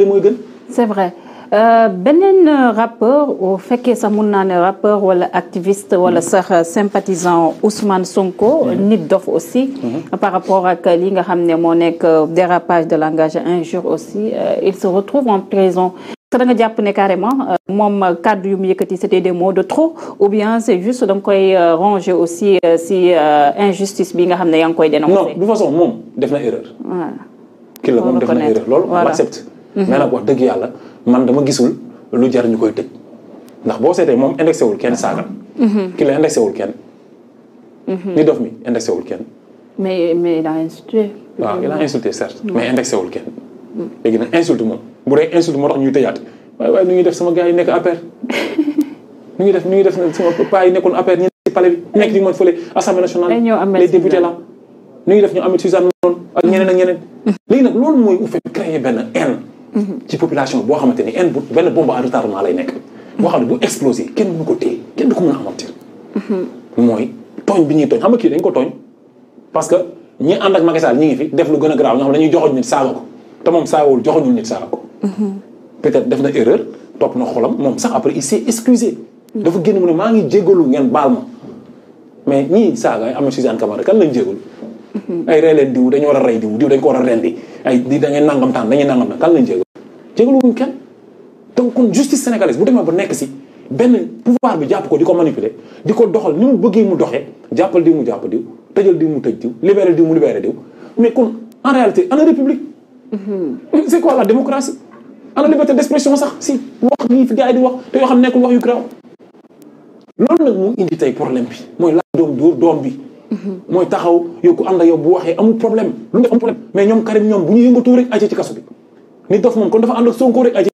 li mooy gën c'est vrai euh, beneen rappeur fekkee sax mun naa ne rappeur wala activiste wala mm-hmm. sax euh, sympathisant Ousmane Sonko mm-hmm. nit dof aussi mm-hmm. par rapport ak euh, li nga xam ne moo nekk dérapage de langage injure aussi il se retrouve en prison est-ce que jàpp ne carrément moom kàddu yu mu yëkkati c'était des mots de trop ou bien c'est juste da nga ranger aussi si injustice bi nga xam ne yaa ngi koy non de toute façon moom def na erreur kii la moom def erreur l'accepte Mm-hmm. mais nag wax dëgg yàlla man dama gisul lu jar ñu koy tëj ndax boo seetee moom indexé wul kenn saaga. Mm-hmm. ki la indexé wul kenn. ni mm-hmm. dof mi indexé wul kenn. mais mais il a insulté. waaw il a insulté certes mais indexé wul kenn. léegi nag insulte moom bu dee insulte moo tax ñuy tëjaat waaye waaye def sama gars yi nekk APR. nu ñuy def nu ñuy def sama paa yi nekkoon APR ñu nekk ci palais bi nekk di mën fële assemblée nationale. les députés la nu ñuy def ñu amit Suzanne noonu ak ñeneen ak ñeneen. léegi nag loolu mooy u fait créer benn haine. ci population boo xamante ni en bu benn bombe à retardement lay nekk. boo xam ne bu explosé kenn mënu ko téye kenn du ko mën a amortir. mooy tooñ bi ñuy tooñ xam nga kii dañ ko tooñ parce que ñi ànd ak Macky Sall ngi fi def lu gën a ñoo xam dañuy joxoñ nit saaga ko te moom saagawul joxoñul nit saaga ko. peut-être def na erreur topp na xolam moom sax après il s'est excusé. dafa génn mu ne maa ngi jégalu ngeen baal ma mais ñii saaga am na Suzanne Camara kan lañ jégalu. ay rey leen diw dañu war a rey diw diw dañ ko war a rendi ay di da ngeen jégaluwuñ kenn donc kon justice sénégalaise bu demee ba nekk si benn pouvoir bi jàpp ko di ko manipuler di ko doxal ni mu bëggee mu doxee jàppal diw mu jàpp diw tëjal diw mu tëj diw libéré diw mu libéré diw mais kon en réalité ana république mm-hmm. c'est quoi la démocratie ana liberté d'expression sax si wax yi fi gars yi di wax te yoo xam nekkul wax yu graw loolu nag mu indi tey problème bi mooy laaj doom dóor doom bi mm-hmm. mooy taxaw yow ku ànd ak yow bu waxee ñu yëngatoo rek aje ci kaso bi ni dof moom kon dafa ànd ak Sonko rek ay ci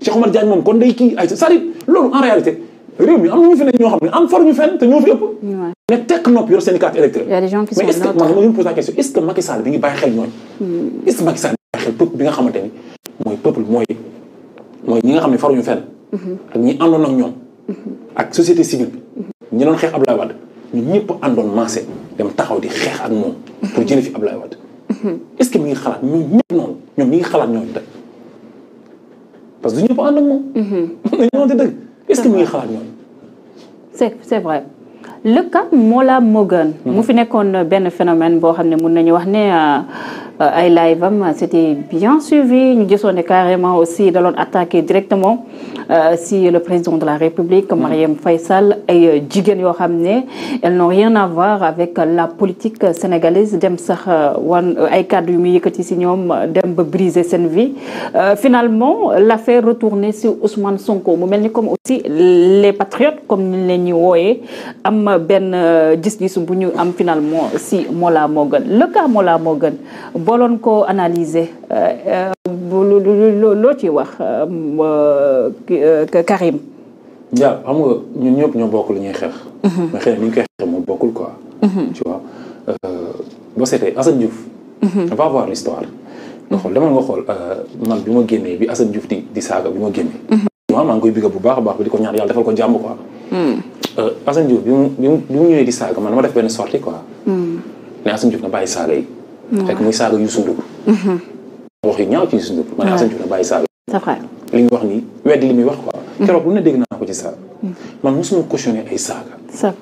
Cheikh Omar moom kon day kii ay c'est-à-dire loolu en réalité réew mi am na ñu fi ñoo xam ne am faruñu fenn te ñoo fi ëpp. ne tekk nopp yor seen i carte électorale. y a des ñu posé la hmm. bi ngi xamante ni mooy peuple mooy mooy ñi nga xam ne faruñu fenn. Mm-hmm. ak ñi àndoon ak ñoom. Mm-hmm. ak société civile mm-hmm. ñi doon xeex Abdoulaye Wade ñu ñëpp àndoon maase dem taxaw di xeex ak moom pour jëlee fi Abdoulaye Wade est-ce que mi ngi xalaat ñoom ñëpp noonu ñoom ñi ngi xalaat ñooñu rek parce que du ñëpp ànd ak moom. Mm-hmm. dañu doon dëgg est-ce que mi ngi xalaat ñooñu. c'est c'est vrai. le cas Mollah Morgun mu mm-hmm. fi nekkoon benn phénomène boo xam ne mun nañu wax ne euh, Euh, ay live am c'était bien suivi ñu gisoon ne carrément aussi daloon attaqué directement euh, si le président de la République mm. Marième Faye ay jigéen yoo xam ne elles n'ont rien à voir avec la politique sénégalaise dem sax euh, wan ay cadres yu muy yëkkati si ñoom dem ba briser seen vie finalement l'affaire retournée si ousman Sonko mu mel ni comme aussi les patriotes comme ni leen ñu wooyee am benn gis-gis bu ñu am finalement si mola Morgun le cas Mollah Morgun booloon ko analyser euh, euh, loo ci wax euh, Karim. Ndiaye xam nga ñun ñëpp ñoo bokk lu ñuy xeex. Mhm. mais xëy na ni ñu koy xeex moom bokkul quoi. Mhm. tu vois boo seetee Assane Diouf. Mhm. on va voir l'histoire nga xool demal nga xool bi ma génnee bi Assane Diouf di di saaga bi ma génnee. waaw maa bu baax baax bi di ko ñaan yàlla defal bi mu bi mu ñëwee di saaga man ma def benn sortie ko ne Assane Diouf nga bàyyi saaga yi. fekk muy saaga Youssou Ndour mm-hmm. wax yu ñaaw ci Youssou Ndour man Assane Diouf na bàyyi saaga c'est vrai li muy wax nii weddi li muy wax quoi mm-hmm. keroog lu ne dégg naa ko ci saaga mm-hmm. man mosuma cautionné ay saaga c'est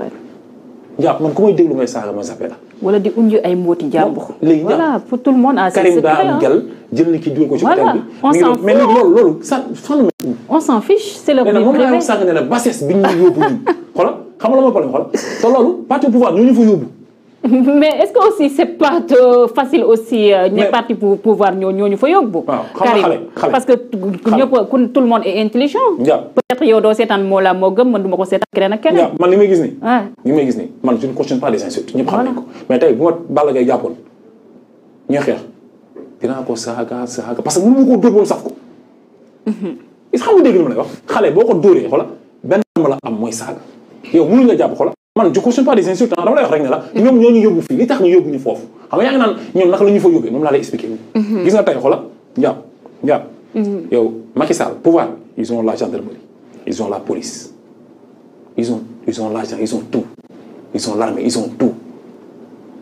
man ku may déglu ngay saaga ma zappe la wala di unju ay mbooti jàmbur léegi voilà pour tout le monde a ah, Karim daa am gal jël na kii dugal ko ci hôtel bi sa fan on ne la bassesse bi ñu yóbbu ñun xoolal xam nga la mooy problème xoolal te loolu parti pouvoir ñoo ñu fa yóbbu mais est-ce que aussi c'est pas facile aussi. ñu euh, parti pouvoir ñooñu fa yóbbu. waaw parce que ñëpp ku tout le monde est intelligent. peut-être yow doo seetaan moo la moo gëm man du ma ko seetaan keneen ak keneen. man li may gis nii. Ah. li may gis nii man je ne cautionne ñëpp xam nañ mais tey ma Balla Gaye jàppoon ñuy xeex dinaa ko saaga saaga parce que mënu ma ko dóor moom saf ko. is mhm. xam xale boo ko dóoree xoola benn ma la am mooy saaga yow mënuñ la jàpp xoola. man je cautionne pas des insultes dama lay wax rek ne la mm-hmm. ñoom ñoo ñu yóbbu fii li la ñu fa mm-hmm. mm-hmm. la gendarmerie ils ont la police ils ont ils ont l'argent ils ont tout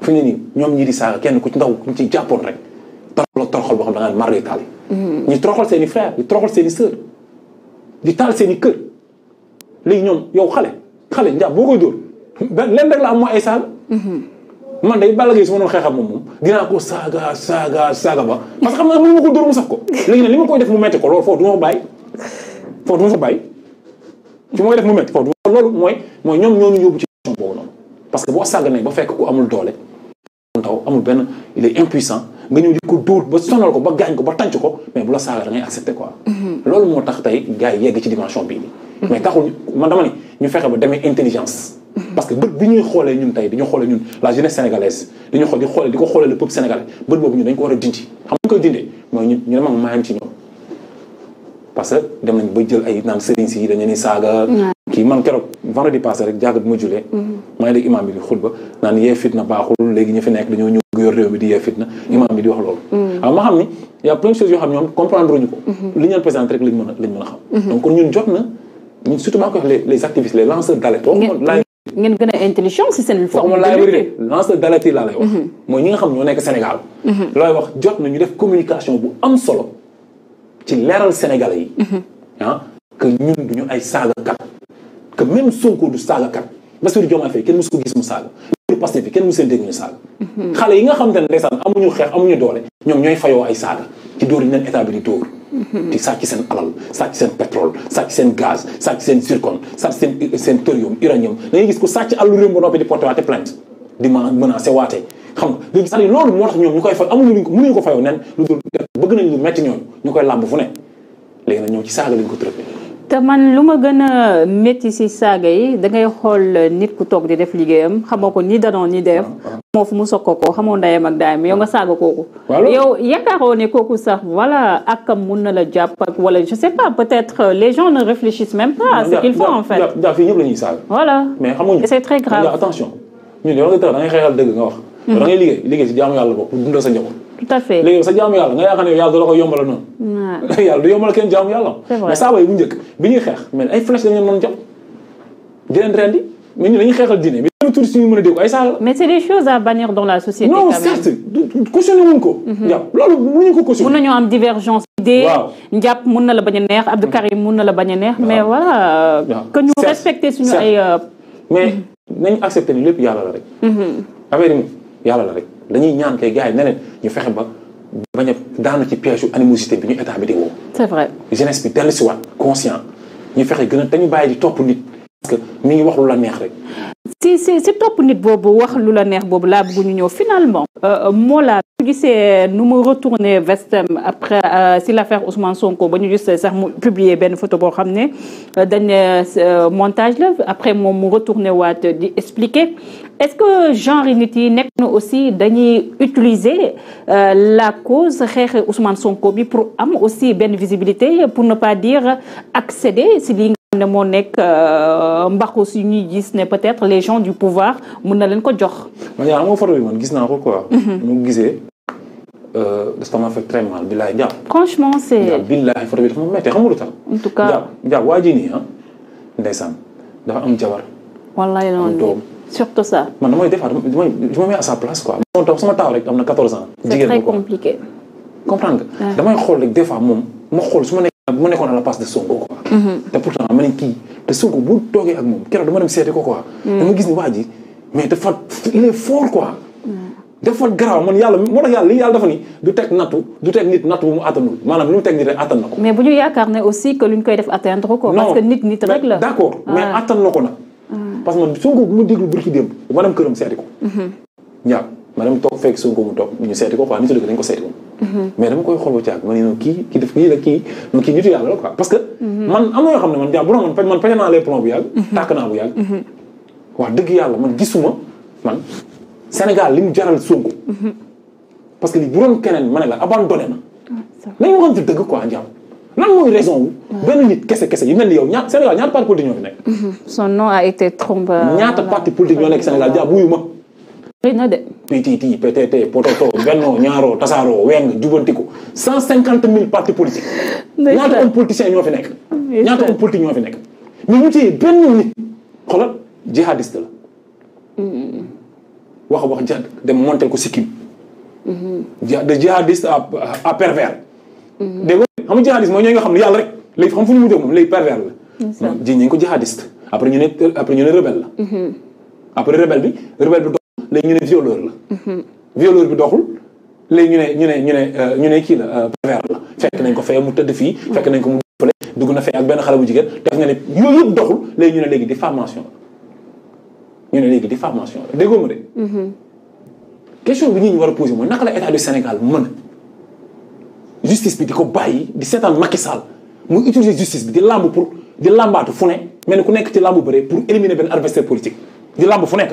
ñi di saaga ku ci ndaw ku ci jàppoon rek toroxal toroxal boo xam da ngaa marre taal yi ñu toroxal seen i frère ñu toroxal seen i sœur di taal seen kër léegi ñoom yow xale xale njaab boo koy dóor lenn rek la am mm-hmm. ma doon xeexam moom moom dinaa ko saaga saaga saaga ba parce ma ko dóor ma koy ko loolu foofu du ma ko bàyyi foofu du ma ko bàyyi ci mooy def mu metti foofu du loolu mooy mooy que boo saaga ba fekk ku amul doole taw amul benn il est impuissant nga ñëw di ko dóor ba sonal ko ba gaañ ko ba tànc ko mais bu la saaga da ngay accepté quoi mm-hmm. loolu moo tax tey gars yi yegg ci dimension bii nii mm-hmm. mais taxul man dama ne ñu fexe ba demee intelligence parce que bët bi ñuy xoolee ñun tey dañu xoolee ñun la jeunesse sénégalaise dañu xool di xoolee di ko xoolee le peuple sénégalais bët boobu ñun dañ ko war a dindi xam nga koy dindee mooy xam ni y a plein yoo xam ñoom comprendre ñu ko mm-hmm. li ñu présenté rek lañ mën a a xam mm-hmm. donc kon ñun jot na surtout maa ngi koy wax les activistes les lanceurs d'alerte ngeen gën a intelligent si seen forme de lanceur laa lay wax mhm. mooy ñi nga xam ñoo nekk Sénégal mhm. looy wax jot nañu def communication bu am solo ci leeral Sénégalais yi mhm. ah que ñun duñu ay saagakat que même Sonko du saagakat Bassirou Diomaye Faye kenn mosu ko gis mu saaga pour Pastef bi kenn mosu leen dégg ñu saaga xale yi nga xam te ne ndeysaan amuñu xeex amuñu doole ñoom ñooy fayoo ay saaga ci dóor yi leen état di sàcc seen alal sàcc seen pétrole sàcc seen gaz sàcc seen zircon sàcc seen seen thorium uranium da ngay gis ko sàcc àllu réew ba noppi di porté waate plainte di ma menacé waate xam nga léegi cest loolu moo tax ñoom ñu koy fay amuñu luñ ko mënuñu ko fayoo nen lu dul bëgg nañ lu metti ñooñu ñu koy làmb fu ne léegi nag ci saaga lañ ko tërëpee te lu ma gën a métti si saaga yi da ngay xool nit ku toog di def liggéeyam xamoo ko ni danoon ni def ah, ah. moo fu mu sokko ko xamoo ndeyam ak daayam yow nga saaga kooku yow yaakaaroo ne kooku sax voilà akam mun na la jàpp ak wala je sais pas peut-être euh, les gens ne réfléchissent même pas à ce qu'ils en fait daa fii ñëpp la ñuy saaga voilà mais da ngay xeexal dëgg nga wax hmm. da ngay liggéey si jaamu yàlla ko pour sa njaboot tout à fait léegi sa jaamu yàlla nga yaakaar ne yàlla du la ko yombala noonu yàlla du yombal kenn jaamu yàlla mais saaba yi bu bi ñuy xeex mais ay flèche dañu noonu jàpp di leen rendi mais ñu dañuy xeexal diine mais yenn touriste ñu mën a dégg mais c'est des choses à bannir dans la société non certes cautionné wuñ ko mhm. jàpp loolu mënuñu ko cautionné mën nañoo am divergence d'idées njàpp mën na la bañ a neex Abdou Karim mën na la bañ a neex mais voilà que ñu respecté suñu ay euh, mais mhm. nañ accepté ni lépp yàlla dañuy ñaan kay gars yi neneen ñu fexe ba bañ daan daanu ci piège animosité bi ñu état bi di woo. c'est vrai jeunesse bi dellusiwaat conscient ñu fexe gën a dañu bàyyi di topp nit. parce que mi ngi wax lu la neex rek. si boobu la neex boobu laa bëgg ñu ñëw finalement. Euh, euh, Mollah su gisee nu mu retourné vestem après euh, si l' affaire Ousmane Sonko ba ñu sax mu publier benn photo boo xam ne dañ ne montage la après moom mu retourné waat di expliquer est ce que genre nit yi nekk na aussi dañuy utiliser la cause xeex Ousmane Sonko bi pour am aussi benn visibilité pour ne pas dire accéder si ne moo nekk euh, mbaxus yu ñuy gis ne peut-être les gens du pouvoir mun na leen ko jox. man yaa xam bi man gis naa ko quoi. Mhm. mu gisee. Euh, dafa ma fait très mal billaay jàpp. franchement c'est billaay photo bi dafa ma méttee xam nga lu tax. en tout cas jàpp jàpp waa ji nii ah. ndeysaan dafa am jabar. wallaay loolu doom surtout ça. man damay des fois damay damay mets à sa place quoi. moom tam sama taaw rek am na 14 ans. jigéen bi quoi c'est très compliqué. comprendre nga. damay xool rek des fois moom ma xool su ma nekk bu ma te pourtant ma ne kii te Sonko bu toogee ak moom keroog dama dem seeti ko quoi. dama gis ni waa ji mais dafa il yàlla dafa ni du teg nattu du teg nit nattu bu mu attanul lu mu teg nit rek attan na ko. mais bu ñu yaakaar ne aussi que luñ koy def atteindre ko. parce que nit nit rek la d' mais ah. attan na ko nag. parce que man Sonko bu ma déglu bërki démb ma dem këram seeti ko. Mhm. ñaar ma dem toog fekk Sonko mu toog ñu seeti ko quoi nit dañ ko Mm-hmm. mais dama koy xool ba caag ma ne non kii kii def lii la kii non kii nitu yàlla la quoi parce que mm-hmm. man am na yoo xam ne man jàpp bu doon man man pexe naa les plombs bu yàgg mm-hmm. tàkk naa bu yàgg wax dëgg yàlla man gisuma man Sénégal li mu jaral Sonko parce que bu doon keneen ma ne la abandonné na ah, nañu waxante dëgg yi a euh, ma PTT PTT Pototo Benno Ñaaroo Tasaaroo Weng Jubantiku cent cinquante mille partis politiques ñaata homme politicien ñoo fi nekk ñaata homme politique ñoo fi nekk mais mu ci benn nit xoolal jihadiste la mm-hmm. wax wax jihad dem montel ko sikkim mm-hmm. de jihadiste à pervers mm-hmm. dégg nga xam nga jihadiste mooy ñooy nga xam ne yàlla rek léegi xam fu ñu mu jëm moom léegi pervers la ji ñi ko jihadiste après ñu ne après ñu ne rebelle après rebelle bi rebelle bi léegi ñu ne violeur la. violeur bi doxul léegi ñu ne ñu ne ñu ne euh, ñu ne kii la euh, pervers la fekk nañ ko fee mu tëdd fii. fekk nañ ko mu fële dugg na fee ak benn xale bu jigéen def nga ne yooyu yëpp léegi ñu ne léegi diffamation la ñu ne léegi diffamation la déggoo ma de. Mhm. question bi nit ñi war a posé mooy naka la état du Sénégal mën justice bi di ko bàyyi di seetaan Macky Sall muy utiliser justice bi di làmb pour di làmbaatu fu ne mel ku nekk ci làmb bëre pour éliminer benn adversaire politique di fu nekk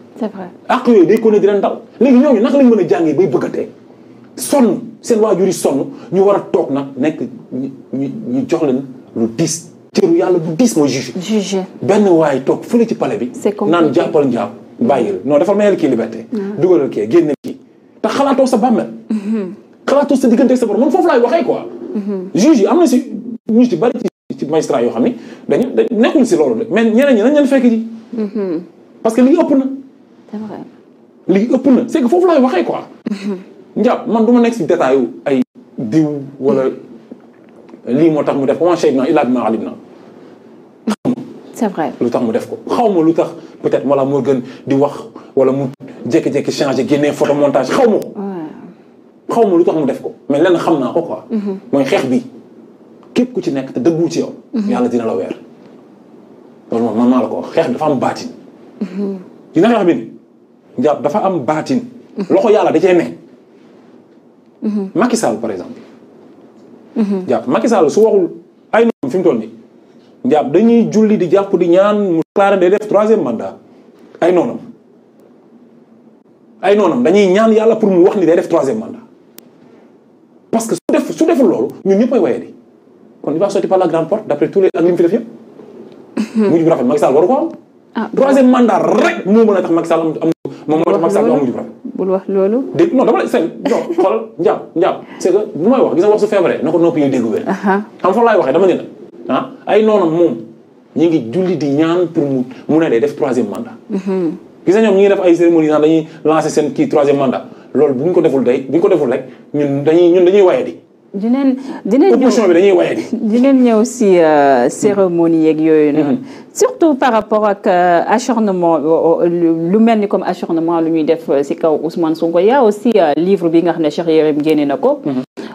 c'est vrai àq yooyu day ko ne di leen dal ñooñu naka lañ mën a jàngee bay bëgg a dee sonn seen waajur yi sonn ñu war a toog nekk ñu ñu jox leen lu diis cëru yàlla bu diis mooy juge juge benn waay toog fële ci palais bi naan jàppal njaam bàyyil non defal mayel kii liberté ah. dugalal kii génne kii te xalaatoo sa bàmmeel mm-hmm. xalaatoo a diggante sa borom man foofu laay waxee quoi mm-hmm. juge yi am na si ñu ci bari ci magistrat yoo xam ne dañu nekkuñ si loolu de mais ñeneen ñi nañ leen fekk mm-hmm. parce que li ëpp na c'est vrai. ëpp na c'est que foofu laay waxee quoi. njàpp man du ma nekk si détail yu ay diw wala lii moo tax mu def comment chey naa illaa bi ma alim na. c'est vrai lu tax mu def ko xaw ma lu tax peut-être wala moo gën di wax wala mu jékki-jékki changé génnee photomontage xaw ma xaw ma lu tax mu def ko mais lenn xam naa ko quoi. Mm-hmm. xeex bi képp ku ci nekk te dëggu ci yow. Mm-hmm. yàlla dina la weer. loolu moom man maa la ko xeex bi dafa am baatin. dina mm-hmm. xeex bi njàpp dafa am baatin. loxo yàlla da cee nekk. Macky Sall par exemple. njàpp Macky Sall su waxul ay noonu fi mu toll dañuy julli di jàpp di ñaan mu déclaré day ay noonam ay noonam dañuy ñaan yàlla pour mu wax ni day def troisième mandat. parce que su def su deful loolu ñun ñëpp ay waye di kon il va sortir par la grande porte d' tous les ak li fi def yëpp. Mhm. mujj bu rafet Macky Sall waru ko am. ah troisième mandat rek moo mën a tax Macky am. moom moo tax Macky Sall du am mujj bul wax loolu. dégg non dama lay sëñ non xool njaam njaam c'est bu may wax gis nga wax feebaree na ko noppi ñuy dégg wér. xam fa waxee dama ne la ah ay noonam moom ñu ngi julli di ñaan pour mu mu ne day def troisième mandat. Mhm. gis nga ñoom ñu ngi def ay cérémonie naan dañuy lancer seen kii troisième mandat loolu bu ñu ko deful day bu ñu ko deful rek ñun dañuy ñun dañuy waye di dinañ dinañ ñëw opposition bi dañuy waye di dinañ ñëw si euh, cérémonie yeeg yooyu noonu. Mm-hmm. surtout par rapport ak euh, acharnement euh, lu mel ni comme acharnement lu ñuy def si kaw Ousmane Sonko y a aussi livre bi nga xam ne Cheikh Yérim génne na ko. Mm-hmm.